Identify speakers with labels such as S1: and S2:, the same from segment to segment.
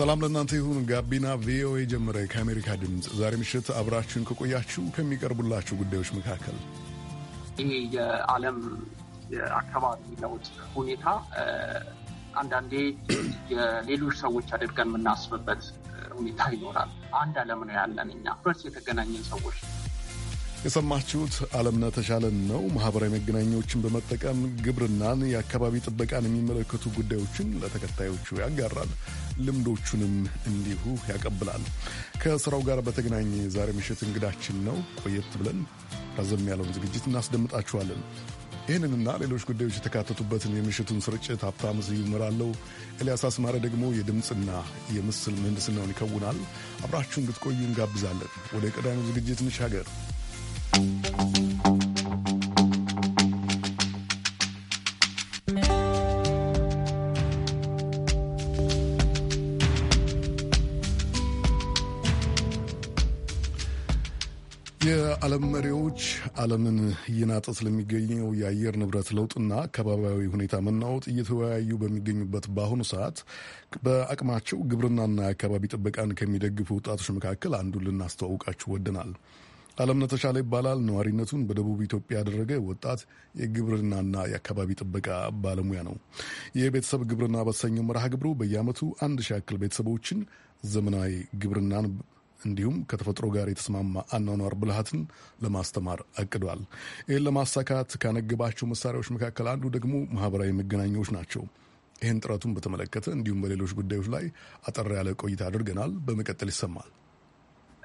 S1: ሰላም ለእናንተ ይሁን። ጋቢና ቪኦኤ ጀመረ። ከአሜሪካ ድምፅ ዛሬ ምሽት አብራችሁን ከቆያችሁ ከሚቀርቡላችሁ ጉዳዮች መካከል
S2: ይሄ የዓለም የአካባቢ ለውጥ ሁኔታ አንዳንዴ የሌሎች ሰዎች አድርገን የምናስብበት ሁኔታ ይኖራል። አንድ ዓለም ነው ያለን እኛ ፕረስ የተገናኘን ሰዎች
S1: የሰማችሁት አለም ተሻለን ነው። ማህበራዊ መገናኛዎችን በመጠቀም ግብርናን፣ የአካባቢ ጥበቃን የሚመለከቱ ጉዳዮችን ለተከታዮቹ ያጋራል። ልምዶቹንም እንዲሁ ያቀብላል። ከስራው ጋር በተገናኘ ዛሬ ምሽት እንግዳችን ነው። ቆየት ብለን ረዘም ያለውን ዝግጅት እናስደምጣችኋለን። ይህንንና ሌሎች ጉዳዮች የተካተቱበትን የምሽቱን ስርጭት ሀብታም ስዩም እመራለሁ። ኤልያስ አስማረ ደግሞ የድምፅና የምስል ምህንድስናውን ይከውናል። አብራችሁ እንድትቆዩ እንጋብዛለን። ወደ ቀዳሚው ዝግጅት እንሻገር። የዓለም መሪዎች ዓለምን እየናጠ ስለሚገኘው የአየር ንብረት ለውጥና አካባቢያዊ ሁኔታ መናወጥ እየተወያዩ በሚገኙበት በአሁኑ ሰዓት በአቅማቸው ግብርናና የአካባቢ ጥበቃን ከሚደግፉ ወጣቶች መካከል አንዱ ልናስተዋውቃችሁ ወደናል። አለምነህ ነተሻለ ይባላል። ነዋሪነቱን በደቡብ ኢትዮጵያ ያደረገ ወጣት የግብርናና የአካባቢ ጥበቃ ባለሙያ ነው። የቤተሰብ ግብርና በተሰኘው መርሃ ግብሩ በየዓመቱ አንድ ሺ ያክል ቤተሰቦችን ዘመናዊ ግብርናን እንዲሁም ከተፈጥሮ ጋር የተስማማ አኗኗር ብልሃትን ለማስተማር አቅዷል። ይህን ለማሳካት ካነገባቸው መሳሪያዎች መካከል አንዱ ደግሞ ማህበራዊ መገናኛዎች ናቸው። ይህን ጥረቱን በተመለከተ እንዲሁም በሌሎች ጉዳዮች ላይ አጠር ያለ ቆይታ አድርገናል። በመቀጠል ይሰማል።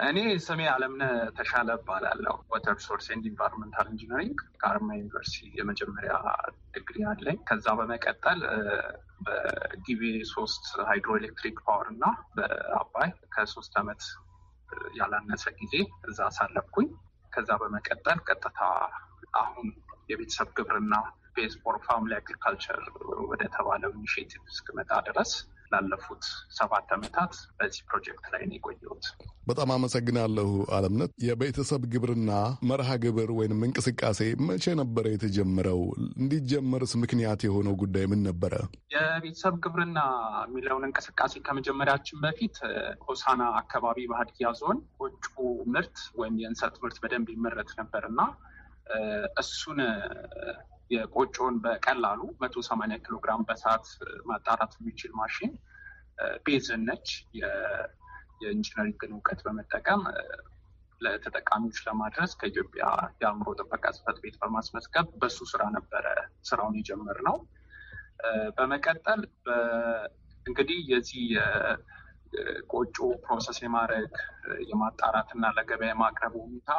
S2: እኔ ስሜ አለምነ ተሻለ እባላለሁ። ወተር ሶርስ ኤንድ ኢንቫይሮንመንታል ኢንጂነሪንግ ከአርማ ዩኒቨርሲቲ የመጀመሪያ ድግሪ አለኝ። ከዛ በመቀጠል በጊቤ ሶስት ሃይድሮኤሌክትሪክ ፓወር እና በአባይ ከሶስት አመት ያላነሰ ጊዜ እዛ አሳለፍኩኝ። ከዛ በመቀጠል ቀጥታ አሁን የቤተሰብ ግብርና ቤዝ ፎር ፋሚሊ አግሪካልቸር ወደ ተባለው ኢኒሽቲቭ እስክመጣ ድረስ ላለፉት ሰባት ዓመታት በዚህ ፕሮጀክት ላይ ነው
S1: የቆየሁት። በጣም አመሰግናለሁ አለምነት። የቤተሰብ ግብርና መርሃ ግብር ወይም እንቅስቃሴ መቼ ነበረ የተጀመረው? እንዲጀመርስ ምክንያት የሆነው ጉዳይ ምን ነበረ?
S2: የቤተሰብ ግብርና የሚለውን እንቅስቃሴ ከመጀመሪያችን በፊት ሆሳና አካባቢ ባህድያ ዞን ወጩ ምርት ወይም የእንሰት ምርት በደንብ ይመረት ነበር እና እሱን የቆጮን በቀላሉ መቶ ሰማንያ ኪሎ ግራም በሰዓት ማጣራት የሚችል ማሽን ቤዝን ነች። የኢንጂነሪንግን እውቀት በመጠቀም ለተጠቃሚዎች ለማድረስ ከኢትዮጵያ የአእምሮ ጥበቃ ጽፈት ቤት በማስመዝገብ በሱ ስራ ነበረ ስራውን የጀመር ነው። በመቀጠል እንግዲህ የዚህ ቆጮ ፕሮሰስ የማድረግ የማጣራት እና ለገበያ የማቅረብ ሁኔታ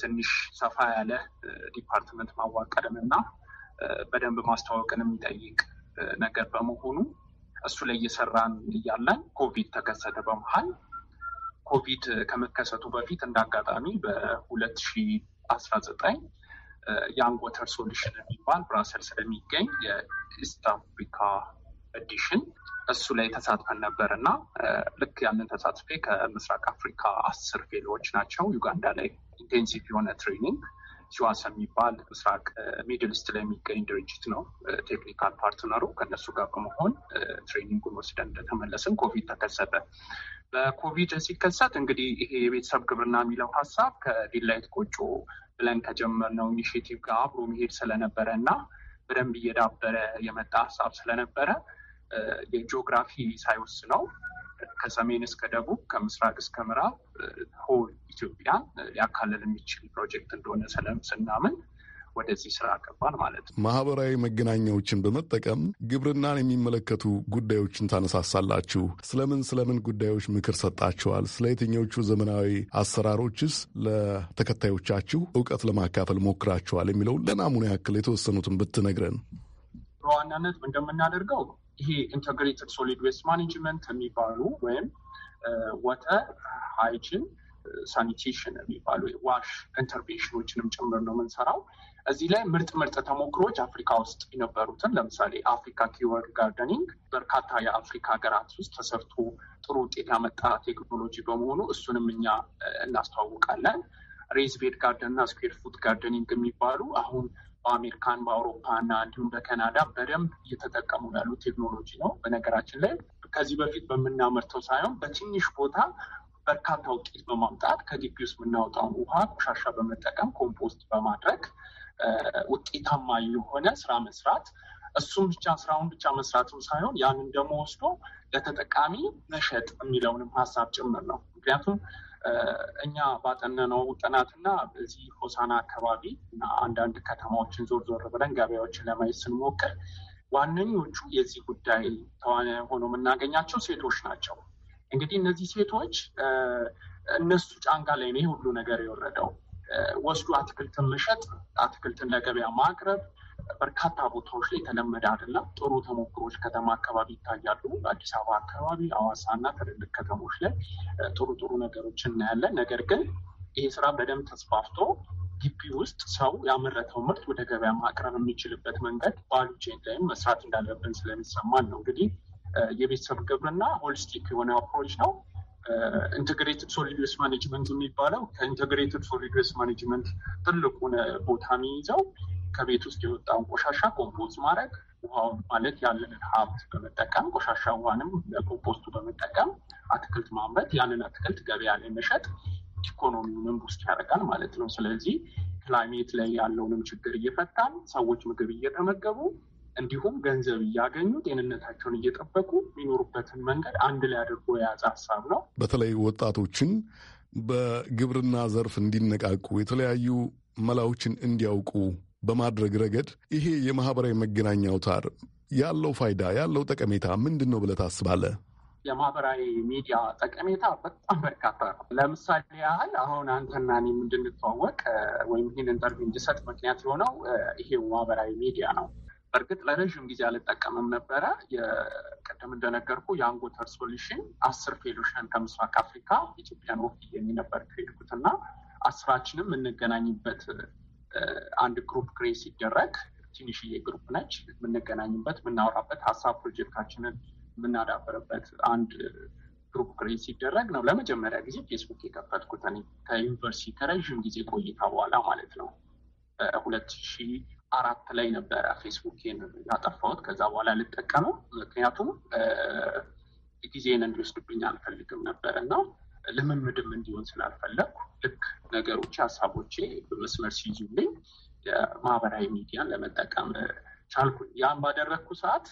S2: ትንሽ ሰፋ ያለ ዲፓርትመንት ማዋቀርን እና በደንብ ማስተዋወቅን የሚጠይቅ ነገር በመሆኑ እሱ ላይ እየሰራን እያለን ኮቪድ ተከሰተ። በመሀል ኮቪድ ከመከሰቱ በፊት እንደ አጋጣሚ በሁለት ሺ አስራ ዘጠኝ ያንግ ወተር ሶሉሽን የሚባል ብራሰልስ ስለሚገኝ የኢስት አፍሪካ ኤዲሽን እሱ ላይ ተሳትፈን ነበር እና ልክ ያንን ተሳትፌ ከምስራቅ አፍሪካ አስር ፌሎዎች ናቸው ዩጋንዳ ላይ ኢንቴንሲቭ የሆነ ትሬኒንግ ሲዋሰ የሚባል ምስራቅ ሚድል ስት ላይ የሚገኝ ድርጅት ነው። ቴክኒካል ፓርትነሩ ከነሱ ጋር በመሆን ትሬኒንጉን ወስደን እንደተመለስን ኮቪድ ተከሰተ። በኮቪድ ሲከሰት እንግዲህ ይሄ የቤተሰብ ግብርና የሚለው ሀሳብ ከዲላይት ቆጮ ብለን ከጀመርነው ኢኒሽቲቭ ጋር አብሮ መሄድ ስለነበረ እና በደንብ እየዳበረ የመጣ ሀሳብ ስለነበረ የጂኦግራፊ ነው። ከሰሜን እስከ ደቡብ ከምስራቅ እስከ ምዕራብ ሆል ኢትዮጵያ ሊያካለል የሚችል ፕሮጀክት እንደሆነ ስናምን ወደዚህ ስራ ገባን ማለት
S1: ነው። ማህበራዊ መገናኛዎችን በመጠቀም ግብርናን የሚመለከቱ ጉዳዮችን ታነሳሳላችሁ። ስለምን ስለምን ጉዳዮች ምክር ሰጣችኋል? ስለ የትኞቹ ዘመናዊ አሰራሮችስ ለተከታዮቻችሁ እውቀት ለማካፈል ሞክራችኋል? የሚለው ለናሙና ያክል የተወሰኑትን ብትነግረን።
S2: በዋናነት እንደምናደርገው ይሄ ኢንተግሬትድ ሶሊድ ዌስት ማኔጅመንት የሚባሉ ወይም ወተር ሃይጅን ሳኒቴሽን የሚባሉ ዋሽ ኢንተርቬንሽኖችንም ጭምር ነው የምንሰራው። እዚህ ላይ ምርጥ ምርጥ ተሞክሮች አፍሪካ ውስጥ የነበሩትን ለምሳሌ አፍሪካ ኪወር ጋርደኒንግ በርካታ የአፍሪካ ሀገራት ውስጥ ተሰርቶ ጥሩ ውጤት ያመጣ ቴክኖሎጂ በመሆኑ እሱንም እኛ uh, እናስተዋውቃለን። ሬዝቤድ ጋርደን እና ስኩዌር ፉት ጋርደኒንግ የሚባሉ አሁን በአሜሪካን በአውሮፓና እንዲሁም በካናዳ በደንብ እየተጠቀሙ ያሉ ቴክኖሎጂ ነው። በነገራችን ላይ ከዚህ በፊት በምናመርተው ሳይሆን በትንሽ ቦታ በርካታ ውጤት በማምጣት ከግቢ ውስጥ የምናወጣውን ውሃ ቆሻሻ በመጠቀም ኮምፖስት በማድረግ ውጤታማ የሆነ ስራ መስራት እሱም ብቻ ስራውን ብቻ መስራትም ሳይሆን ያንን ደግሞ ወስዶ ለተጠቃሚ መሸጥ የሚለውንም ሀሳብ ጭምር ነው። ምክንያቱም እኛ ባጠነነው ጥናትና በዚህ ሆሳና አካባቢ እና አንዳንድ ከተማዎችን ዞር ዞር ብለን ገበያዎችን ለማየት ስንሞክር ዋነኞቹ የዚህ ጉዳይ ተዋናይ ሆኖ የምናገኛቸው ሴቶች ናቸው። እንግዲህ እነዚህ ሴቶች እነሱ ጫንጋ ላይ ነው ሁሉ ነገር የወረደው። ወስዱ አትክልትን መሸጥ፣ አትክልትን ለገበያ ማቅረብ በርካታ ቦታዎች ላይ የተለመደ አይደለም። ጥሩ ተሞክሮች ከተማ አካባቢ ይታያሉ። አዲስ አበባ አካባቢ፣ አዋሳ እና ትልልቅ ከተሞች ላይ ጥሩ ጥሩ ነገሮች እናያለን። ነገር ግን ይሄ ስራ በደንብ ተስፋፍቶ ግቢ ውስጥ ሰው ያመረተው ምርት ወደ ገበያ ማቅረብ የሚችልበት መንገድ ባሉ ቼን ላይም መስራት እንዳለብን ስለሚሰማን ነው። እንግዲህ የቤተሰብ ግብርና ሆሊስቲክ የሆነ አፕሮች ነው። ኢንቴግሬትድ ሶሊድ ዌስት ማኔጅመንት የሚባለው ከኢንቴግሬትድ ሶሊድ ዌስት ማኔጅመንት ትልቁን ቦታ የሚይዘው ከቤት ውስጥ የወጣውን ቆሻሻ ኮምፖስት ማድረግ ውሃውን ማለት ያለንን ሀብት በመጠቀም ቆሻሻ ውሃንም ለኮምፖስቱ በመጠቀም አትክልት ማምረት፣ ያንን አትክልት ገበያ ላይ መሸጥ ኢኮኖሚውንም ውስጥ ያደርጋል ማለት ነው። ስለዚህ ክላይሜት ላይ ያለውንም ችግር እየፈታን ሰዎች ምግብ እየተመገቡ እንዲሁም ገንዘብ እያገኙ ጤንነታቸውን እየጠበቁ የሚኖሩበትን መንገድ አንድ ላይ አድርጎ የያዘ ሀሳብ ነው።
S1: በተለይ ወጣቶችን በግብርና ዘርፍ እንዲነቃቁ የተለያዩ መላዎችን እንዲያውቁ በማድረግ ረገድ ይሄ የማህበራዊ መገናኛ አውታር ያለው ፋይዳ ያለው ጠቀሜታ ምንድን ነው ብለህ ታስባለህ?
S2: የማህበራዊ ሚዲያ ጠቀሜታ በጣም በርካታ ነው። ለምሳሌ ያህል አሁን አንተና እኔም እንድንተዋወቅ ወይም ይህን ኢንተርቪው እንድሰጥ ምክንያት የሆነው ይሄው ማህበራዊ ሚዲያ ነው። በእርግጥ ለረዥም ጊዜ አልጠቀምም ነበረ። ቅድም እንደነገርኩ የአንጎተር ሶሉሽን አስር ፌሎሽን ከምስራቅ አፍሪካ ኢትዮጵያን ወክዬ ነበር ከሄድኩት እና አስራችንም የምንገናኝበት አንድ ግሩፕ ክሬ ሲደረግ ትንሽዬ ግሩፕ ነች። የምንገናኝበት፣ የምናወራበት፣ ሀሳብ ፕሮጀክታችንን የምናዳበርበት አንድ ግሩፕ ክሬ ሲደረግ ነው ለመጀመሪያ ጊዜ ፌስቡክ የከፈትኩት እኔ ከዩኒቨርሲቲ ከረዥም ጊዜ ቆይታ በኋላ ማለት ነው። ሁለት ሺ አራት ላይ ነበረ ፌስቡክን ያጠፋሁት። ከዛ በኋላ ልጠቀመው ምክንያቱም ጊዜን እንዲወስድብኝ አልፈልግም ነበር እና ልምምድም እንዲሆን ስላልፈለግኩ ልክ ነገሮች ሀሳቦቼ በመስመር ሲይዙልኝ የማህበራዊ ሚዲያን ለመጠቀም ቻልኩ ያን ባደረግኩ ሰዓት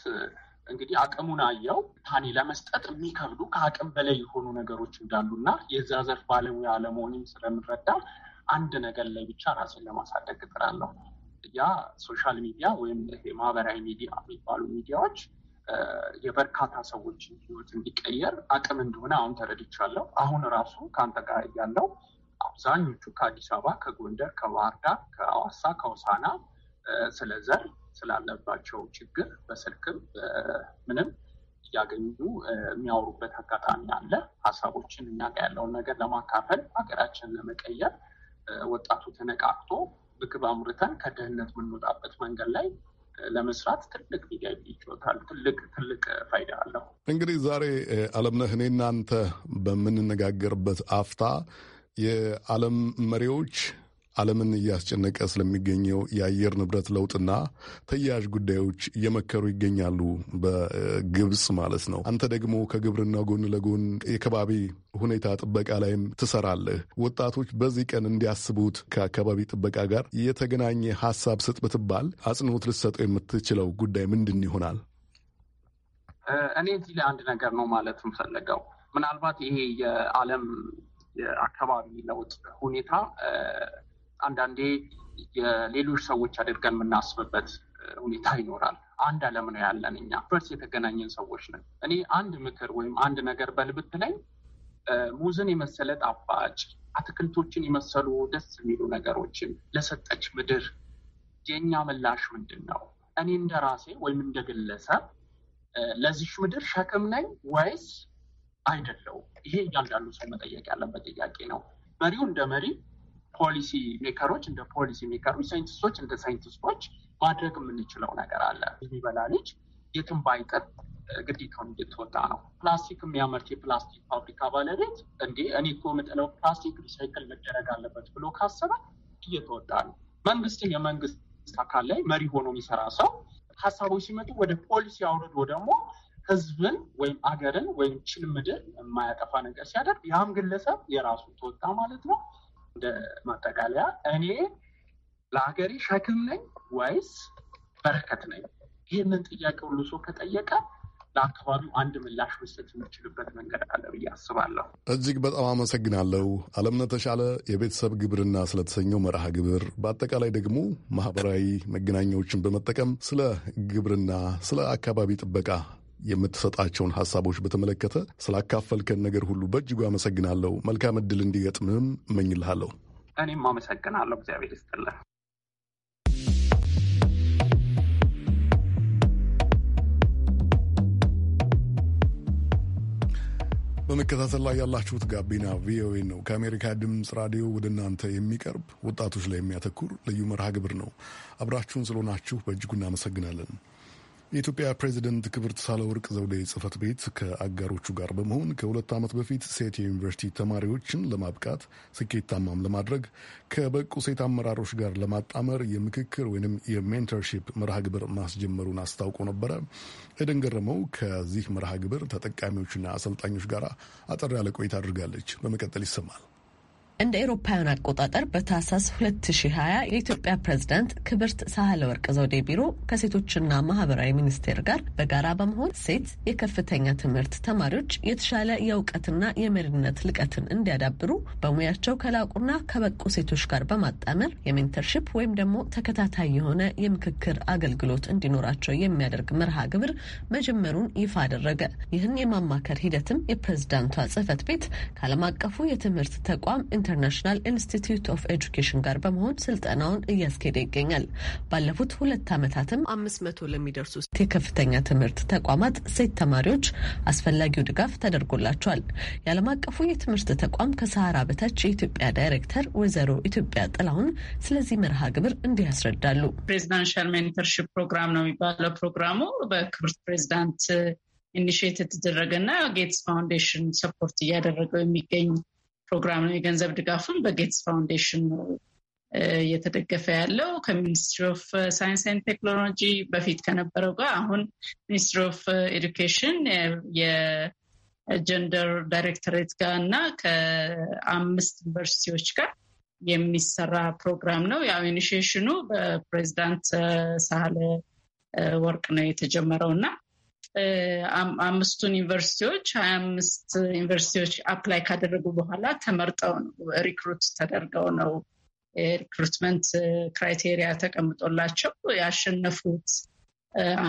S2: እንግዲህ አቅሙን አየው ታኔ ለመስጠት የሚከብዱ ከአቅም በላይ የሆኑ ነገሮች እንዳሉና የዛ ዘርፍ ባለሙያ አለመሆንም ስለምረዳ አንድ ነገር ላይ ብቻ ራሴን ለማሳደግ እጥራለሁ። ያ ሶሻል ሚዲያ ወይም ማህበራዊ ሚዲያ የሚባሉ ሚዲያዎች የበርካታ ሰዎች ህይወት እንዲቀየር አቅም እንደሆነ አሁን ተረድቻለሁ። አሁን ራሱ ከአንተ ጋር ያለው አብዛኞቹ ከአዲስ አበባ፣ ከጎንደር፣ ከባህርዳር ከአዋሳ፣ ከውሳና ስለ ዘር ስላለባቸው ችግር በስልክም ምንም እያገኙ የሚያወሩበት አጋጣሚ አለ። ሀሳቦችን እኛ ያለውን ነገር ለማካፈል ሀገራችንን ለመቀየር ወጣቱ ተነቃቅቶ ምግብ አምርተን ከድህነት የምንወጣበት መንገድ ላይ ለመስራት ትልቅ ሚዲያ ይችሎታል። ትልቅ ትልቅ
S1: ፋይዳ አለው። እንግዲህ ዛሬ አለምነህ እኔ እናንተ በምንነጋገርበት አፍታ የዓለም መሪዎች ዓለምን እያስጨነቀ ስለሚገኘው የአየር ንብረት ለውጥና ተያያዥ ጉዳዮች እየመከሩ ይገኛሉ፣ በግብጽ ማለት ነው። አንተ ደግሞ ከግብርና ጎን ለጎን የከባቢ ሁኔታ ጥበቃ ላይም ትሰራለህ። ወጣቶች በዚህ ቀን እንዲያስቡት ከአካባቢ ጥበቃ ጋር የተገናኘ ሀሳብ ስጥ ብትባል አጽንኦት ልትሰጠው የምትችለው ጉዳይ ምንድን ይሆናል?
S2: እኔ እዚህ ላይ አንድ ነገር ነው ማለት የምፈልገው ምናልባት ይሄ የዓለም የአካባቢ ለውጥ ሁኔታ አንዳንዴ የሌሎች ሰዎች አድርገን የምናስብበት ሁኔታ ይኖራል። አንድ ዓለም ነው ያለን እኛ በርስ የተገናኘን ሰዎች ነን። እኔ አንድ ምክር ወይም አንድ ነገር በልብት ላይ ሙዝን የመሰለ ጣፋጭ አትክልቶችን የመሰሉ ደስ የሚሉ ነገሮችን ለሰጠች ምድር የእኛ ምላሽ ምንድን ነው? እኔ እንደ ራሴ ወይም እንደ ግለሰብ ለዚሽ ምድር ሸክም ነኝ ወይስ አይደለው? ይሄ እያንዳንዱ ሰው መጠየቅ ያለበት ጥያቄ ነው። መሪው እንደ መሪ ፖሊሲ ሜከሮች እንደ ፖሊሲ ሜከሮች፣ ሳይንቲስቶች እንደ ሳይንቲስቶች ማድረግ የምንችለው ነገር አለ። የሚበላ ልጅ የትም ባይቀር ግዴታውን እየተወጣ ነው። ፕላስቲክ የሚያመርት የፕላስቲክ ፋብሪካ ባለቤት እንዲ እኔ እኮ የምጥለው ፕላስቲክ ሪሳይክል መደረግ አለበት ብሎ ካሰበ እየተወጣ ነው። መንግስትም የመንግስት አካል ላይ መሪ ሆኖ የሚሰራ ሰው ሀሳቦች ሲመጡ ወደ ፖሊሲ አውርዶ ደግሞ ህዝብን ወይም አገርን ወይም ችልምድር የማያጠፋ ነገር ሲያደርግ ያም ግለሰብ የራሱ ተወጣ ማለት ነው። እንደ ማጠቃለያ እኔ ለሀገሬ ሸክም ነኝ ወይስ በረከት ነኝ? ይህንን ጥያቄ ሁሉ ሰው ከጠየቀ ለአካባቢው አንድ ምላሽ መስጠት የምችልበት መንገድ አለ ብዬ አስባለሁ።
S1: እጅግ በጣም አመሰግናለሁ። አለምነህ ተሻለ የቤተሰብ ግብርና ስለተሰኘው መርሃ ግብር፣ በአጠቃላይ ደግሞ ማህበራዊ መገናኛዎችን በመጠቀም ስለ ግብርና፣ ስለ አካባቢ ጥበቃ የምትሰጣቸውን ሀሳቦች በተመለከተ ስላካፈልከን ነገር ሁሉ በእጅጉ አመሰግናለሁ። መልካም እድል እንዲገጥምህም እመኝልሃለሁ።
S2: እኔም አመሰግናለሁ። እግዚአብሔር
S1: ይስጥልን። በመከታተል ላይ ያላችሁት ጋቢና ቪኦኤ ነው። ከአሜሪካ ድምፅ ራዲዮ ወደ እናንተ የሚቀርብ ወጣቶች ላይ የሚያተኩር ልዩ መርሃ ግብር ነው። አብራችሁን ስለሆናችሁ በእጅጉ እናመሰግናለን። የኢትዮጵያ ፕሬዚደንት ክብርት ሳህለወርቅ ዘውዴ ጽህፈት ቤት ከአጋሮቹ ጋር በመሆን ከሁለት ዓመት በፊት ሴት የዩኒቨርሲቲ ተማሪዎችን ለማብቃት ስኬታማም ለማድረግ ከበቁ ሴት አመራሮች ጋር ለማጣመር የምክክር ወይም የሜንተርሺፕ መርሃ ግብር ማስጀመሩን አስታውቆ ነበረ። ኤደን ገረመው ከዚህ መርሃ ግብር ተጠቃሚዎችና አሰልጣኞች ጋር አጠር ያለ ቆይታ አድርጋለች። በመቀጠል ይሰማል። እንደ ኤሮፓውያን አቆጣጠር በታህሳስ 2020
S3: የኢትዮጵያ ፕሬዝዳንት ክብርት ሳህለ ወርቅ ዘውዴ ቢሮ ከሴቶችና ማህበራዊ ሚኒስቴር ጋር በጋራ በመሆን ሴት የከፍተኛ ትምህርት ተማሪዎች የተሻለ የእውቀትና የመሪነት ልቀትን እንዲያዳብሩ በሙያቸው ከላቁና ከበቁ ሴቶች ጋር በማጣመር የሜንተርሺፕ ወይም ደግሞ ተከታታይ የሆነ የምክክር አገልግሎት እንዲኖራቸው የሚያደርግ መርሃ ግብር መጀመሩን ይፋ አደረገ። ይህን የማማከር ሂደትም የፕሬዝዳንቷ ጽህፈት ቤት ከዓለም አቀፉ የትምህርት ተቋም ኢንተርናሽናል ኢንስቲትዩት ኦፍ ኤጁኬሽን ጋር በመሆን ስልጠናውን እያስኬደ ይገኛል። ባለፉት ሁለት ዓመታትም አምስት መቶ ለሚደርሱ የከፍተኛ ትምህርት ተቋማት ሴት ተማሪዎች አስፈላጊው ድጋፍ ተደርጎላቸዋል። የዓለም አቀፉ የትምህርት ተቋም ከሰሃራ በታች የኢትዮጵያ ዳይሬክተር ወይዘሮ ኢትዮጵያ ጥላሁን ስለዚህ መርሃ ግብር እንዲህ ያስረዳሉ።
S4: ፕሬዚዳንሻል ሜንተርሽፕ ፕሮግራም ነው የሚባለው ፕሮግራሙ በክብርት ፕሬዚዳንት ኢኒሽት የተደረገ እና ጌትስ ፋውንዴሽን ሰፖርት እያደረገው የሚገኝ ፕሮግራም ነው። የገንዘብ ድጋፍም በጌትስ ፋውንዴሽን ነው እየተደገፈ ያለው ከሚኒስትሪ ኦፍ ሳይንስ ኤንድ ቴክኖሎጂ በፊት ከነበረው ጋር አሁን ሚኒስትሪ ኦፍ ኤዱኬሽን የጀንደር ዳይሬክተሬት ጋር እና ከአምስት ዩኒቨርሲቲዎች ጋር የሚሰራ ፕሮግራም ነው። ያው ኢኒሽሽኑ በፕሬዚዳንት ሳህለ ወርቅ ነው የተጀመረው እና አምስቱን ዩኒቨርሲቲዎች ሀያ አምስት ዩኒቨርሲቲዎች አፕላይ ካደረጉ በኋላ ተመርጠው ነው ሪክሩት ተደርገው ነው የሪክሩትመንት ክራይቴሪያ ተቀምጦላቸው ያሸነፉት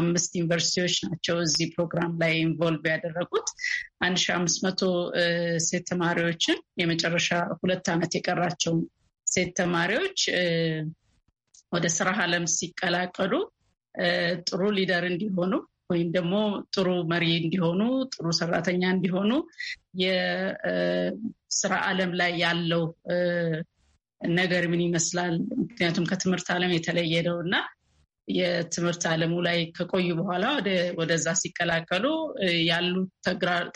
S4: አምስት ዩኒቨርሲቲዎች ናቸው እዚህ ፕሮግራም ላይ ኢንቮልቭ ያደረጉት አንድ ሺ አምስት መቶ ሴት ተማሪዎችን የመጨረሻ ሁለት ዓመት የቀራቸው ሴት ተማሪዎች ወደ ስራ ዓለም ሲቀላቀሉ ጥሩ ሊደር እንዲሆኑ ወይም ደግሞ ጥሩ መሪ እንዲሆኑ፣ ጥሩ ሰራተኛ እንዲሆኑ የስራ ዓለም ላይ ያለው ነገር ምን ይመስላል? ምክንያቱም ከትምህርት ዓለም የተለየ ነው እና የትምህርት ዓለሙ ላይ ከቆዩ በኋላ ወደዛ ሲቀላቀሉ ያሉ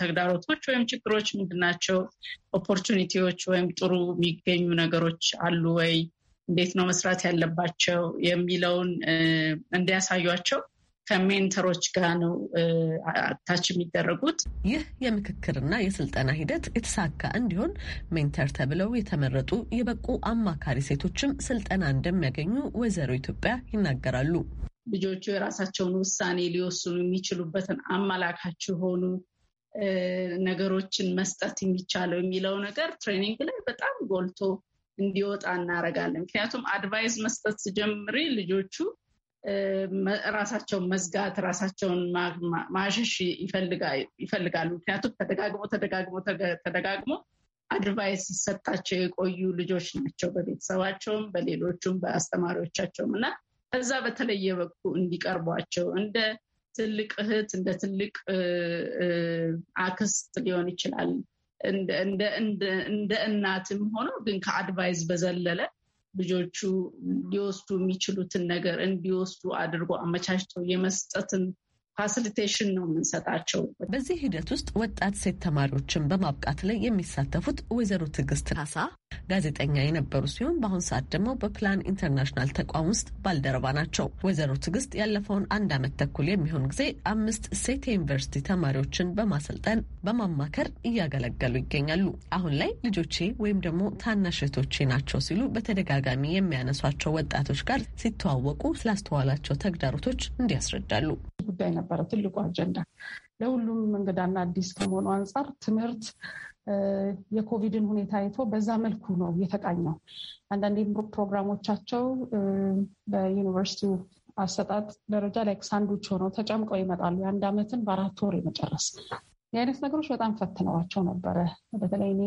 S4: ተግዳሮቶች ወይም ችግሮች ምንድናቸው? ኦፖርቹኒቲዎች ወይም ጥሩ የሚገኙ ነገሮች አሉ ወይ? እንዴት ነው መስራት ያለባቸው የሚለውን እንዲያሳዩቸው ከሜንተሮች ጋር
S3: ነው አታች የሚደረጉት። ይህ የምክክርና የስልጠና ሂደት የተሳካ እንዲሆን ሜንተር ተብለው የተመረጡ የበቁ አማካሪ ሴቶችም ስልጠና እንደሚያገኙ ወይዘሮ ኢትዮጵያ ይናገራሉ።
S4: ልጆቹ የራሳቸውን ውሳኔ ሊወስኑ የሚችሉበትን አመላካች የሆኑ ነገሮችን መስጠት የሚቻለው የሚለው ነገር ትሬኒንግ ላይ በጣም ጎልቶ እንዲወጣ እናደርጋለን። ምክንያቱም አድቫይዝ መስጠት ስጀምሪ ልጆቹ ራሳቸውን መዝጋት ራሳቸውን ማሸሽ ይፈልጋሉ። ምክንያቱም ተደጋግሞ ተደጋግሞ ተደጋግሞ አድቫይስ ሲሰጣቸው የቆዩ ልጆች ናቸው፣ በቤተሰባቸውም፣ በሌሎቹም፣ በአስተማሪዎቻቸውም እና ከዛ በተለየ በኩ እንዲቀርቧቸው እንደ ትልቅ እህት እንደ ትልቅ አክስት ሊሆን ይችላል እንደ እናትም ሆኖ ግን ከአድቫይስ በዘለለ ልጆቹ ሊወስዱ የሚችሉትን ነገር እንዲወስዱ አድርጎ አመቻችተው የመስጠትን
S3: ፋሲሊቴሽን ነው የምንሰጣቸው። በዚህ ሂደት ውስጥ ወጣት ሴት ተማሪዎችን በማብቃት ላይ የሚሳተፉት ወይዘሮ ትዕግስት ካሳ ጋዜጠኛ የነበሩ ሲሆን በአሁን ሰዓት ደግሞ በፕላን ኢንተርናሽናል ተቋም ውስጥ ባልደረባ ናቸው። ወይዘሮ ትግስት ያለፈውን አንድ ዓመት ተኩል የሚሆን ጊዜ አምስት ሴት የዩኒቨርሲቲ ተማሪዎችን በማሰልጠን በማማከር እያገለገሉ ይገኛሉ። አሁን ላይ ልጆቼ ወይም ደግሞ ታናሽ እህቶቼ ናቸው ሲሉ በተደጋጋሚ የሚያነሷቸው ወጣቶች ጋር ሲተዋወቁ ስላስተዋላቸው ተግዳሮቶች እንዲያስረዳሉ። ጉዳይ ነበረ ትልቁ አጀንዳ
S5: ለሁሉም እንግዳና አዲስ ከመሆኑ አንጻር ትምህርት የኮቪድን ሁኔታ አይቶ በዛ መልኩ ነው የተቃኘው። አንዳንዴም ፕሮግራሞቻቸው በዩኒቨርሲቲው አሰጣጥ ደረጃ ላይ ሳንዱች ሆነው ተጨምቀው ይመጣሉ። የአንድ ዓመትን በአራት ወር የመጨረስ የአይነት ነገሮች በጣም ፈትነዋቸው ነበረ። በተለይ እኔ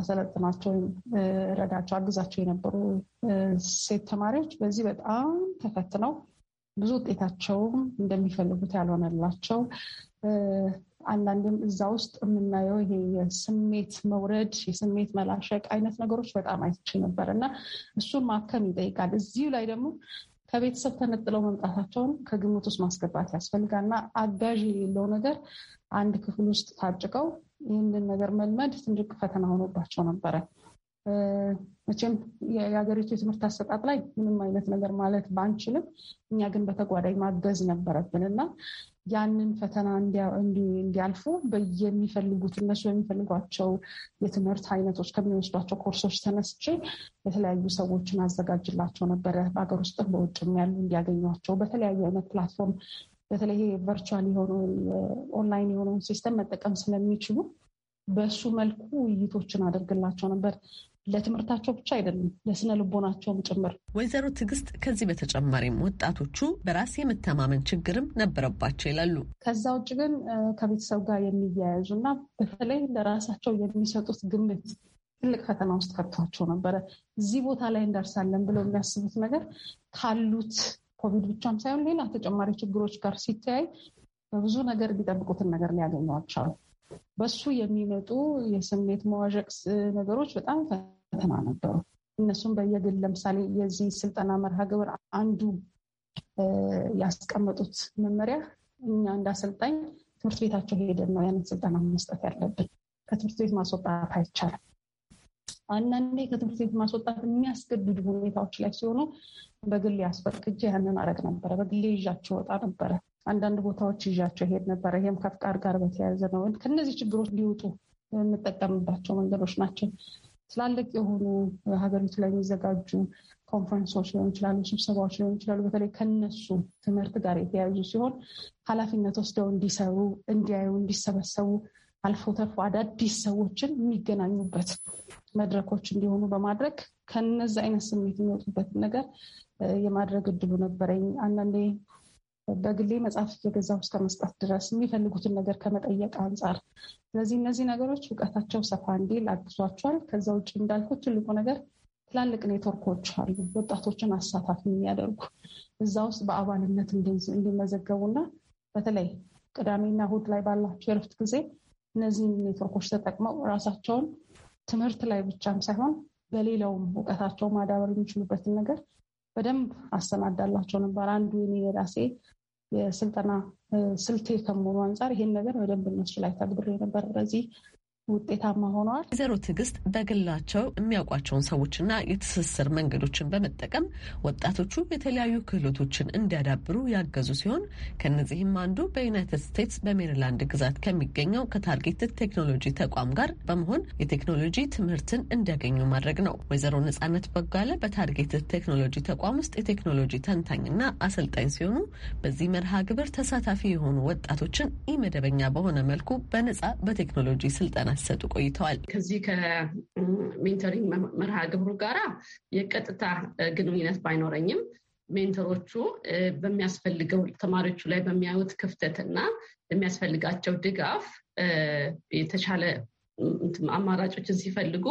S5: አሰለጥናቸው ረዳቸው፣ አግዛቸው የነበሩ ሴት ተማሪዎች በዚህ በጣም ተፈትነው ብዙ ውጤታቸውም እንደሚፈልጉት ያልሆነላቸው አንዳንድም እዛ ውስጥ የምናየው ይሄ የስሜት መውረድ፣ የስሜት መላሸቅ አይነት ነገሮች በጣም አይችል ነበር እና እሱን ማከም ይጠይቃል። እዚሁ ላይ ደግሞ ከቤተሰብ ተነጥለው መምጣታቸውን ከግምት ውስጥ ማስገባት ያስፈልጋል እና አጋዥ የሌለው ነገር አንድ ክፍል ውስጥ ታጭቀው ይህንን ነገር መልመድ ትልቅ ፈተና ሆኖባቸው ነበረ። መቼም የሀገሪቱ የትምህርት አሰጣጥ ላይ ምንም አይነት ነገር ማለት ባንችልም እኛ ግን በተጓዳኝ ማገዝ ነበረብን እና ያንን ፈተና እንዲያልፉ የሚፈልጉት እነሱ የሚፈልጓቸው የትምህርት አይነቶች ከሚወስዷቸው ኮርሶች ተነስቼ የተለያዩ ሰዎችን አዘጋጅላቸው ነበረ። በሀገር ውስጥም በውጭም ያሉ እንዲያገኟቸው በተለያዩ አይነት ፕላትፎርም በተለይ ቨርቹዋል የሆነውን ኦንላይን የሆነውን ሲስተም መጠቀም ስለሚችሉ በእሱ መልኩ
S3: ውይይቶችን አደርግላቸው ነበር። ለትምህርታቸው ብቻ አይደለም ለስነ ልቦናቸውም ጭምር። ወይዘሮ ትዕግስት ከዚህ በተጨማሪም ወጣቶቹ በራስ የመተማመን ችግርም ነበረባቸው ይላሉ።
S5: ከዛ ውጭ ግን ከቤተሰብ ጋር የሚያያዙ እና በተለይ ለራሳቸው የሚሰጡት ግምት ትልቅ ፈተና ውስጥ ከቷቸው ነበረ። እዚህ ቦታ ላይ እንደርሳለን ብለው የሚያስቡት ነገር ካሉት ኮቪድ ብቻም ሳይሆን ሌላ ተጨማሪ ችግሮች ጋር ሲተያይ በብዙ ነገር የሚጠብቁትን ነገር ሊያገኟቸው በሱ የሚመጡ የስሜት መዋዠቅ ነገሮች በጣም ፈተና ነበሩ። እነሱም በየግል ለምሳሌ የዚህ ስልጠና መርሃ ግብር አንዱ ያስቀመጡት መመሪያ እኛ እንዳሰልጣኝ ትምህርት ቤታቸው ሄደን ነው ያንን ስልጠና መስጠት ያለብን። ከትምህርት ቤት ማስወጣት አይቻልም። አንዳንዴ ከትምህርት ቤት ማስወጣት የሚያስገድዱ ሁኔታዎች ላይ ሲሆኑ በግሌ አስፈቅጄ ያንን አረግ ነበረ። በግሌ ይዣቸው ወጣ ነበረ። አንዳንድ ቦታዎች ይዣቸው ይሄድ ነበረ። ይህም ከፍቃድ ጋር በተያያዘ ነው። ከነዚህ ችግሮች ሊወጡ የምጠቀምባቸው መንገዶች ናቸው። ትላልቅ የሆኑ ሀገሪቱ ላይ የሚዘጋጁ ኮንፈረንሶች ሊሆን ይችላሉ፣ ስብሰባዎች ሊሆን ይችላሉ። በተለይ ከነሱ ትምህርት ጋር የተያያዙ ሲሆን ኃላፊነት ወስደው እንዲሰሩ፣ እንዲያዩ፣ እንዲሰበሰቡ አልፎ ተርፎ አዳዲስ ሰዎችን የሚገናኙበት መድረኮች እንዲሆኑ በማድረግ ከነዚ አይነት ስሜት የሚወጡበትን ነገር የማድረግ እድሉ ነበረኝ። አንዳንዴ በግሌ መጽሐፍ እየገዛሁ እስከ መስጠት ድረስ የሚፈልጉትን ነገር ከመጠየቅ አንጻር። ስለዚህ እነዚህ ነገሮች እውቀታቸው ሰፋ እንዲል አግዟቸዋል። ከዛ ውጭ እንዳልኩ ትልቁ ነገር ትላልቅ ኔትወርኮች አሉ፣ ወጣቶችን አሳታፊ የሚያደርጉ እዛ ውስጥ በአባልነት እንዲመዘገቡና በተለይ ቅዳሜና እሁድ ላይ ባላቸው የረፍት ጊዜ እነዚህን ኔትወርኮች ተጠቅመው ራሳቸውን ትምህርት ላይ ብቻም ሳይሆን በሌላውም እውቀታቸው ማዳበር የሚችሉበትን ነገር በደንብ አሰናዳላቸው ነበር። አንዱ የኔ የራሴ የስልጠና ስልቴ ከመሆኑ አንጻር ይህን ነገር በደንብ እነሱ ላይ ተግብሬ ነበር። በዚህ ውጤታማ ሆነዋል።
S3: ወይዘሮ ትዕግስት በግላቸው የሚያውቋቸውን ሰዎችና የትስስር መንገዶችን በመጠቀም ወጣቶቹ የተለያዩ ክህሎቶችን እንዲያዳብሩ ያገዙ ሲሆን ከነዚህም አንዱ በዩናይትድ ስቴትስ በሜሪላንድ ግዛት ከሚገኘው ከታርጌትድ ቴክኖሎጂ ተቋም ጋር በመሆን የቴክኖሎጂ ትምህርትን እንዲያገኙ ማድረግ ነው። ወይዘሮ ነጻነት በጋለ በታርጌትድ ቴክኖሎጂ ተቋም ውስጥ የቴክኖሎጂ ተንታኝና አሰልጣኝ ሲሆኑ በዚህ መርሃ ግብር ተሳታፊ የሆኑ ወጣቶችን ኢመደበኛ በሆነ መልኩ በነጻ በቴክኖሎጂ ስልጠና ጥቆማ ሲሰጡ ቆይተዋል። ከዚህ ከሜንተሪንግ መርሃ ግብሩ ጋራ የቀጥታ ግንኙነት
S6: ባይኖረኝም ሜንተሮቹ በሚያስፈልገው ተማሪዎቹ ላይ በሚያዩት ክፍተት እና የሚያስፈልጋቸው ድጋፍ የተሻለ አማራጮችን ሲፈልጉ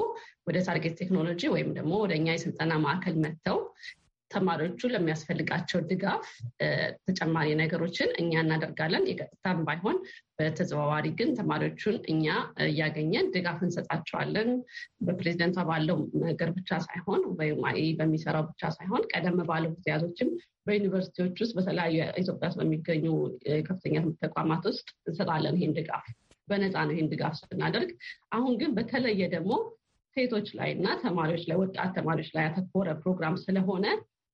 S6: ወደ ታርጌት ቴክኖሎጂ ወይም ደግሞ ወደ እኛ የስልጠና ማዕከል መጥተው ተማሪዎቹ ለሚያስፈልጋቸው ድጋፍ ተጨማሪ ነገሮችን እኛ እናደርጋለን። የቀጥታም ባይሆን በተዘዋዋሪ ግን ተማሪዎቹን እኛ እያገኘን ድጋፍ እንሰጣቸዋለን። በፕሬዚደንቷ ባለው ነገር ብቻ ሳይሆን ወይም በሚሰራው ብቻ ሳይሆን ቀደም ባለው ጊዜያቶችም በዩኒቨርሲቲዎች ውስጥ በተለያዩ ኢትዮጵያ ውስጥ በሚገኙ ከፍተኛ ትምህርት ተቋማት ውስጥ እንሰጣለን። ይህን ድጋፍ በነፃ ነው። ይህን ድጋፍ ስናደርግ አሁን ግን በተለየ ደግሞ ሴቶች ላይ እና ተማሪዎች ላይ ወጣት ተማሪዎች ላይ ያተኮረ ፕሮግራም ስለሆነ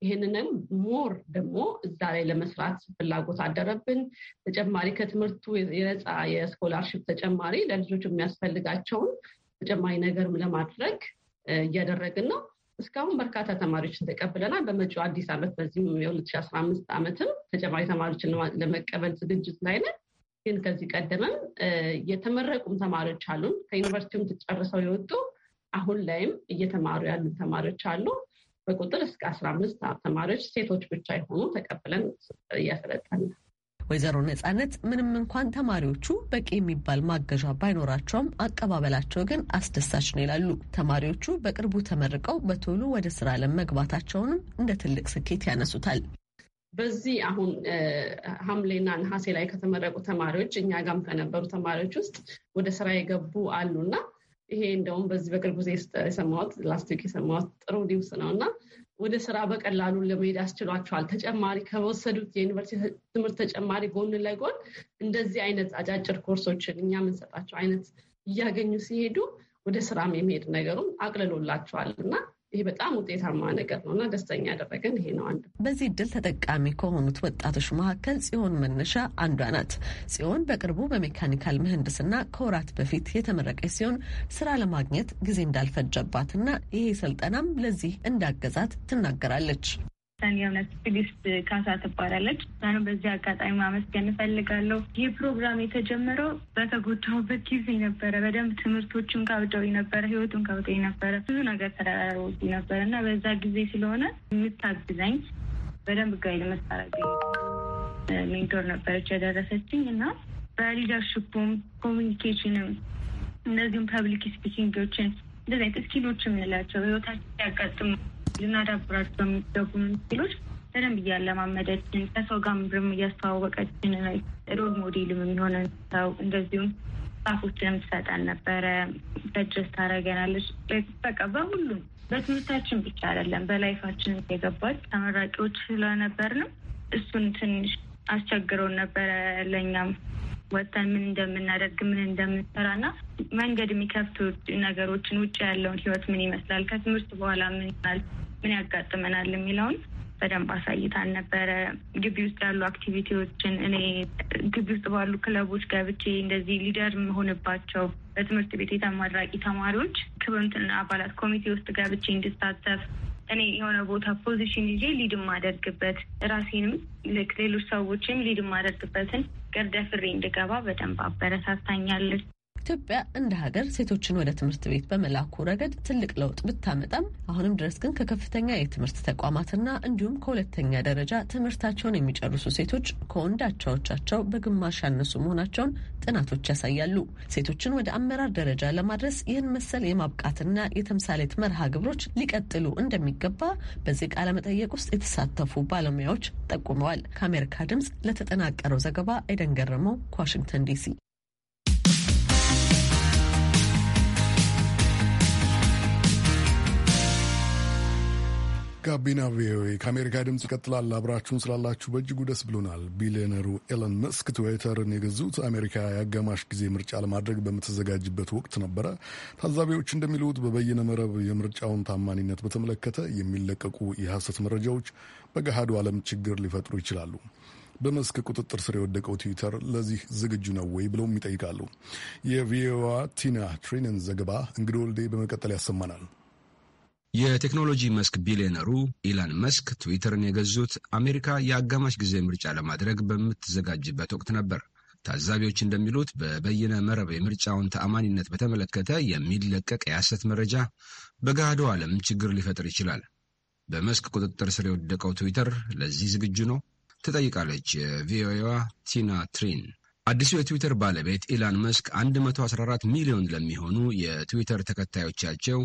S6: ይህንንም ሞር ደግሞ እዛ ላይ ለመስራት ፍላጎት አደረብን። ተጨማሪ ከትምህርቱ የነፃ የስኮላርሽፕ ተጨማሪ ለልጆች የሚያስፈልጋቸውን ተጨማሪ ነገርም ለማድረግ እያደረግን ነው። እስካሁን በርካታ ተማሪዎችን ተቀብለናል። በመጪው አዲስ ዓመት በዚህም የ2015 ዓመትም ተጨማሪ ተማሪዎችን ለመቀበል ዝግጅት ላይ ነን። ግን ከዚህ ቀደምም የተመረቁም ተማሪዎች አሉን። ከዩኒቨርሲቲውም ተጨርሰው የወጡ አሁን ላይም እየተማሩ ያሉ ተማሪዎች አሉ። በቁጥር እስከ አስራ አምስት ተማሪዎች ሴቶች ብቻ የሆኑ ተቀብለን እያሰለጠን
S3: ነው። ወይዘሮ ነጻነት ምንም እንኳን ተማሪዎቹ በቂ የሚባል ማገዣ ባይኖራቸውም አቀባበላቸው ግን አስደሳች ነው ይላሉ። ተማሪዎቹ በቅርቡ ተመርቀው በቶሎ ወደ ስራ ለመግባታቸውንም እንደ ትልቅ ስኬት ያነሱታል።
S6: በዚህ አሁን ሐምሌና ነሐሴ ላይ ከተመረቁ ተማሪዎች እኛ ጋም ከነበሩ ተማሪዎች ውስጥ ወደ ስራ የገቡ አሉና ይሄ እንደውም በዚህ በቅርብ ጊዜ የሰማሁት ላስቲክ የሰማሁት ጥሩ ኒውስ ነው እና ወደ ስራ በቀላሉ ለመሄድ አስችሏቸዋል። ተጨማሪ ከወሰዱት የዩኒቨርሲቲ ትምህርት ተጨማሪ ጎን ለጎን እንደዚህ አይነት አጫጭር ኮርሶችን እኛ የምንሰጣቸው አይነት እያገኙ ሲሄዱ ወደ ስራም የሚሄድ ነገሩም አቅልሎላቸዋል እና ይሄ በጣም ውጤታማ ነገር ነው እና ደስተኛ ያደረገን
S3: ይሄ ነው አንዱ። በዚህ እድል ተጠቃሚ ከሆኑት ወጣቶች መካከል ጽዮን መነሻ አንዷ ናት። ጽዮን በቅርቡ በሜካኒካል ምህንድስና ከወራት በፊት የተመረቀች ሲሆን ስራ ለማግኘት ጊዜ እንዳልፈጀባትና ይሄ ስልጠናም ለዚህ እንዳገዛት ትናገራለች።
S7: ሰን የእውነት ትግስት ካሳ ትባላለች። እሷንም በዚህ አጋጣሚ ማመስገን እፈልጋለሁ። ይህ ፕሮግራም የተጀመረው በተጎዳሁበት ጊዜ ነበረ። በደንብ ትምህርቶችም ካብደው ነበረ፣ ህይወቱም ካብደው ነበረ፣ ብዙ ነገር ተደራሮ ነበረ እና በዛ ጊዜ ስለሆነ የምታግዛኝ በደንብ ጋይድ የምታረገኝ ሜንቶር ነበረች ያደረሰችኝ እና በሊደርሽፑም ኮሚኒኬሽንም እንደዚሁም ፐብሊክ ስፒኪንጎችን እንደዚህ አይነት ስኪሎች የምንላቸው ህይወታችን ያጋጥሙ ልናዳብራቸው የሚገቡ ምስሎች በደንብ እያለማመደችን ከሰው ጋር ምድርም እያስተዋወቀችን ሮል ሞዴልም የሚሆነ ሰው እንደዚሁም ጻፎችንም ትሰጠን ነበረ። በድረስ ታደርገናለች። በቃ በሁሉም በትምህርታችን ብቻ አይደለም በላይፋችን የገባች ተመራቂዎች ስለነበር ነው። እሱን ትንሽ አስቸግረውን ነበረ። ለእኛም ወጥተን ምን እንደምናደርግ ምን እንደምንሰራ እና መንገድ የሚከፍቱ ነገሮችን ውጭ ያለውን ህይወት ምን ይመስላል ከትምህርት በኋላ ምን ይሆናል ምን ያጋጥመናል የሚለውን በደንብ አሳይታን ነበረ። ግቢ ውስጥ ያሉ አክቲቪቲዎችን እኔ ግቢ ውስጥ ባሉ ክለቦች ገብቼ እንደዚህ ሊደር የምሆንባቸው በትምህርት ቤት የተመራቂ ተማሪዎች ክበምትና አባላት ኮሚቴ ውስጥ ገብቼ እንድሳተፍ እኔ የሆነ ቦታ ፖዚሽን ይዤ ሊድ ማደርግበት ራሴንም ልክ ሌሎች ሰዎችም ሊድ ማደርግበትን ገርደፍሬ እንድገባ በደንብ አበረታታኛለች።
S3: ኢትዮጵያ እንደ ሀገር ሴቶችን ወደ ትምህርት ቤት በመላኩ ረገድ ትልቅ ለውጥ ብታመጣም አሁንም ድረስ ግን ከከፍተኛ የትምህርት ተቋማትና እንዲሁም ከሁለተኛ ደረጃ ትምህርታቸውን የሚጨርሱ ሴቶች ከወንድ አቻዎቻቸው በግማሽ ያነሱ መሆናቸውን ጥናቶች ያሳያሉ። ሴቶችን ወደ አመራር ደረጃ ለማድረስ ይህን መሰል የማብቃትና የተምሳሌት መርሃ ግብሮች ሊቀጥሉ እንደሚገባ በዚህ ቃለ መጠየቅ ውስጥ የተሳተፉ ባለሙያዎች ጠቁመዋል። ከአሜሪካ ድምጽ ለተጠናቀረው ዘገባ አይደን ገረመው ከዋሽንግተን ዲሲ
S1: ጋቢና ቪኦኤ ከአሜሪካ ድምፅ ይቀጥላል። አብራችሁን ስላላችሁ በእጅጉ ደስ ብሎናል። ቢሊዮነሩ ኤለን መስክ ትዊተርን የገዙት አሜሪካ የአጋማሽ ጊዜ ምርጫ ለማድረግ በምትዘጋጅበት ወቅት ነበረ። ታዛቢዎች እንደሚሉት በበይነ መረብ የምርጫውን ታማኒነት በተመለከተ የሚለቀቁ የሐሰት መረጃዎች በገሃዱ ዓለም ችግር ሊፈጥሩ ይችላሉ። በመስክ ቁጥጥር ስር የወደቀው ትዊተር ለዚህ ዝግጁ ነው ወይ ብለውም ይጠይቃሉ። የቪኦኤዋ ቲና ትሪንን ዘገባ እንግዲ ወልዴ በመቀጠል ያሰማናል።
S8: የቴክኖሎጂ መስክ ቢሊዮነሩ ኢላን መስክ ትዊተርን የገዙት አሜሪካ የአጋማሽ ጊዜ ምርጫ ለማድረግ በምትዘጋጅበት ወቅት ነበር። ታዛቢዎች እንደሚሉት በበይነ መረብ የምርጫውን ተአማኒነት በተመለከተ የሚለቀቅ የሐሰት መረጃ በገሃዱ ዓለም ችግር ሊፈጥር ይችላል። በመስክ ቁጥጥር ስር የወደቀው ትዊተር ለዚህ ዝግጁ ነው? ትጠይቃለች የቪኦኤዋ ቲና ትሪን። አዲሱ የትዊተር ባለቤት ኢላን መስክ 114 ሚሊዮን ለሚሆኑ የትዊተር ተከታዮቻቸው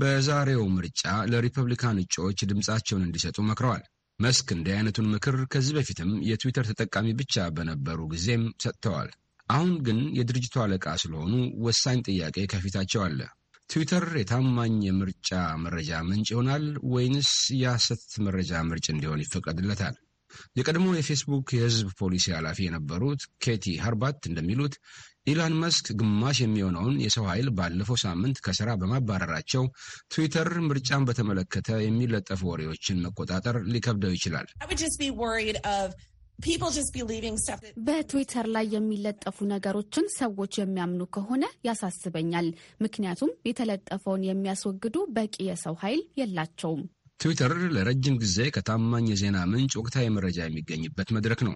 S8: በዛሬው ምርጫ ለሪፐብሊካን እጩዎች ድምፃቸውን እንዲሰጡ መክረዋል። መስክ እንዲህ አይነቱን ምክር ከዚህ በፊትም የትዊተር ተጠቃሚ ብቻ በነበሩ ጊዜም ሰጥተዋል። አሁን ግን የድርጅቱ አለቃ ስለሆኑ ወሳኝ ጥያቄ ከፊታቸው አለ። ትዊተር የታማኝ የምርጫ መረጃ ምንጭ ይሆናል ወይንስ የሐሰት መረጃ ምንጭ እንዲሆን ይፈቀድለታል? የቀድሞ የፌስቡክ የህዝብ ፖሊሲ ኃላፊ የነበሩት ኬቲ ሀርባት እንደሚሉት ኢላን መስክ ግማሽ የሚሆነውን የሰው ኃይል ባለፈው ሳምንት ከስራ በማባረራቸው ትዊተር ምርጫን በተመለከተ የሚለጠፉ ወሬዎችን መቆጣጠር ሊከብደው ይችላል።
S6: በትዊተር ላይ የሚለጠፉ ነገሮችን ሰዎች የሚያምኑ ከሆነ ያሳስበኛል። ምክንያቱም የተለጠፈውን የሚያስወግዱ በቂ የሰው ኃይል የላቸውም።
S8: ትዊተር ለረጅም ጊዜ ከታማኝ የዜና ምንጭ ወቅታዊ መረጃ የሚገኝበት መድረክ ነው።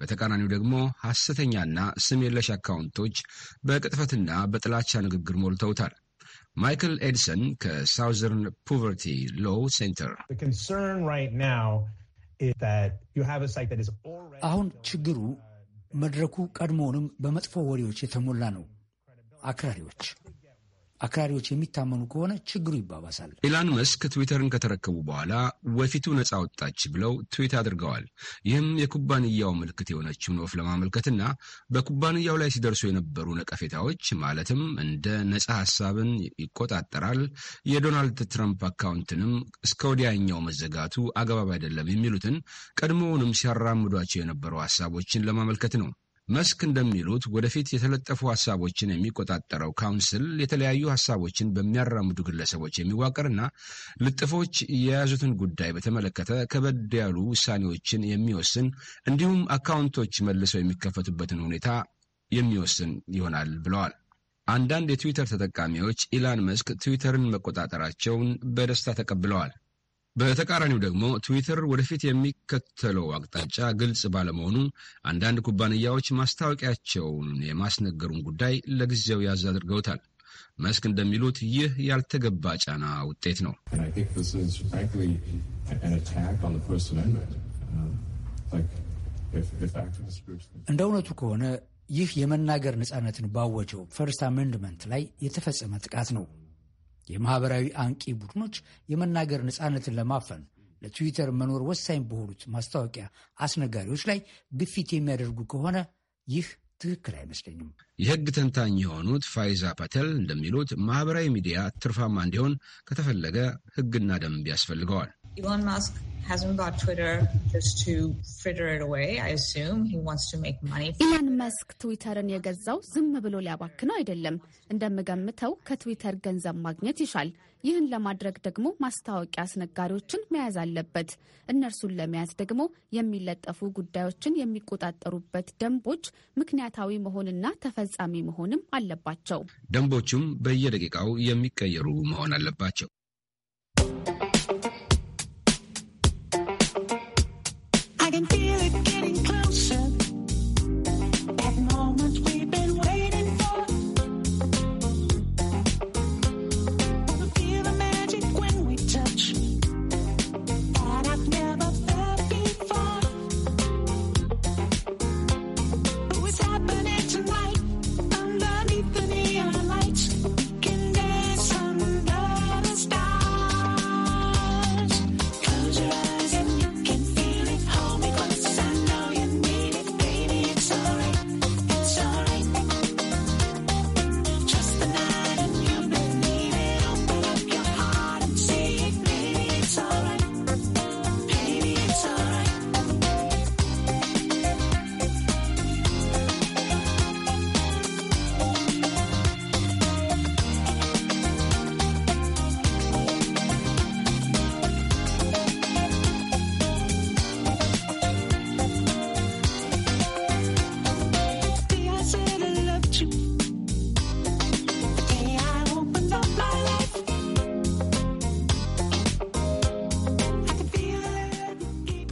S8: በተቃራኒው ደግሞ ሐሰተኛና ስም የለሽ አካውንቶች በቅጥፈትና በጥላቻ ንግግር ሞልተውታል። ማይክል ኤድሰን ከሳውዘርን ፖቨርቲ ሎው ሴንተር አሁን ችግሩ መድረኩ ቀድሞውንም በመጥፎ ወሬዎች የተሞላ ነው። አክራሪዎች አክራሪዎች የሚታመኑ ከሆነ ችግሩ ይባባሳል። ኢላን መስክ ትዊተርን ከተረከቡ በኋላ ወፊቱ ነፃ ወጣች ብለው ትዊት አድርገዋል። ይህም የኩባንያው ምልክት የሆነችውን ወፍ ለማመልከትና በኩባንያው ላይ ሲደርሱ የነበሩ ነቀፌታዎች ማለትም እንደ ነፃ ሀሳብን ይቆጣጠራል፣ የዶናልድ ትራምፕ አካውንትንም እስከ ወዲያኛው መዘጋቱ አግባብ አይደለም የሚሉትን ቀድሞውንም ሲያራምዷቸው የነበሩ ሀሳቦችን ለማመልከት ነው። መስክ እንደሚሉት ወደፊት የተለጠፉ ሀሳቦችን የሚቆጣጠረው ካውንስል የተለያዩ ሀሳቦችን በሚያራምዱ ግለሰቦች የሚዋቀርና ልጥፎች የያዙትን ጉዳይ በተመለከተ ከበድ ያሉ ውሳኔዎችን የሚወስን እንዲሁም አካውንቶች መልሰው የሚከፈቱበትን ሁኔታ የሚወስን ይሆናል ብለዋል። አንዳንድ የትዊተር ተጠቃሚዎች ኢላን መስክ ትዊተርን መቆጣጠራቸውን በደስታ ተቀብለዋል። በተቃራኒው ደግሞ ትዊተር ወደፊት የሚከተለው አቅጣጫ ግልጽ ባለመሆኑ አንዳንድ ኩባንያዎች ማስታወቂያቸውን የማስነገሩን ጉዳይ ለጊዜው ያዝ አድርገውታል። መስክ እንደሚሉት ይህ ያልተገባ ጫና ውጤት ነው። uh, እንደ እውነቱ ከሆነ ይህ የመናገር ነፃነትን ባወጀው ፈርስት አሜንድመንት ላይ የተፈጸመ ጥቃት ነው። የማኅበራዊ አንቂ ቡድኖች የመናገር ነፃነትን ለማፈን ለትዊተር መኖር ወሳኝ በሆኑት ማስታወቂያ አስነጋሪዎች ላይ ግፊት የሚያደርጉ ከሆነ ይህ
S3: ትክክል አይመስለኝም።
S8: የሕግ ተንታኝ የሆኑት ፋይዛ ፓቴል እንደሚሉት ማኅበራዊ ሚዲያ ትርፋማ እንዲሆን ከተፈለገ ሕግና ደንብ ያስፈልገዋል።
S3: Elon Musk hasn't bought Twitter just to fritter it away. I assume he wants to make money. ኢላን መስክ
S6: ትዊተርን የገዛው ዝም ብሎ ሊያባክነው አይደለም። እንደምገምተው ከትዊተር ገንዘብ ማግኘት ይሻል። ይህን ለማድረግ ደግሞ ማስታወቂያ አስነጋሪዎችን መያዝ አለበት። እነርሱን ለመያዝ ደግሞ የሚለጠፉ ጉዳዮችን የሚቆጣጠሩበት ደንቦች ምክንያታዊ መሆንና ተፈጻሚ መሆንም አለባቸው።
S8: ደንቦቹም በየደቂቃው የሚቀየሩ መሆን አለባቸው።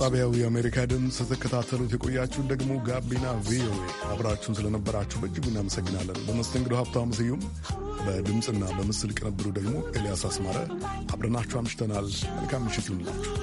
S1: ጣቢያው የአሜሪካ ድምፅ ስትከታተሉት የቆያችሁን ደግሞ ጋቢና ቪኦኤ አብራችሁን ስለነበራችሁ በእጅጉ እናመሰግናለን። በመስተንግዶ ሀብታሙ ስዩም፣ በድምፅና በምስል ቅንብሩ ደግሞ ኤልያስ አስማረ አብረናችሁ አምሽተናል። መልካም ምሽት ይሁንላችሁ።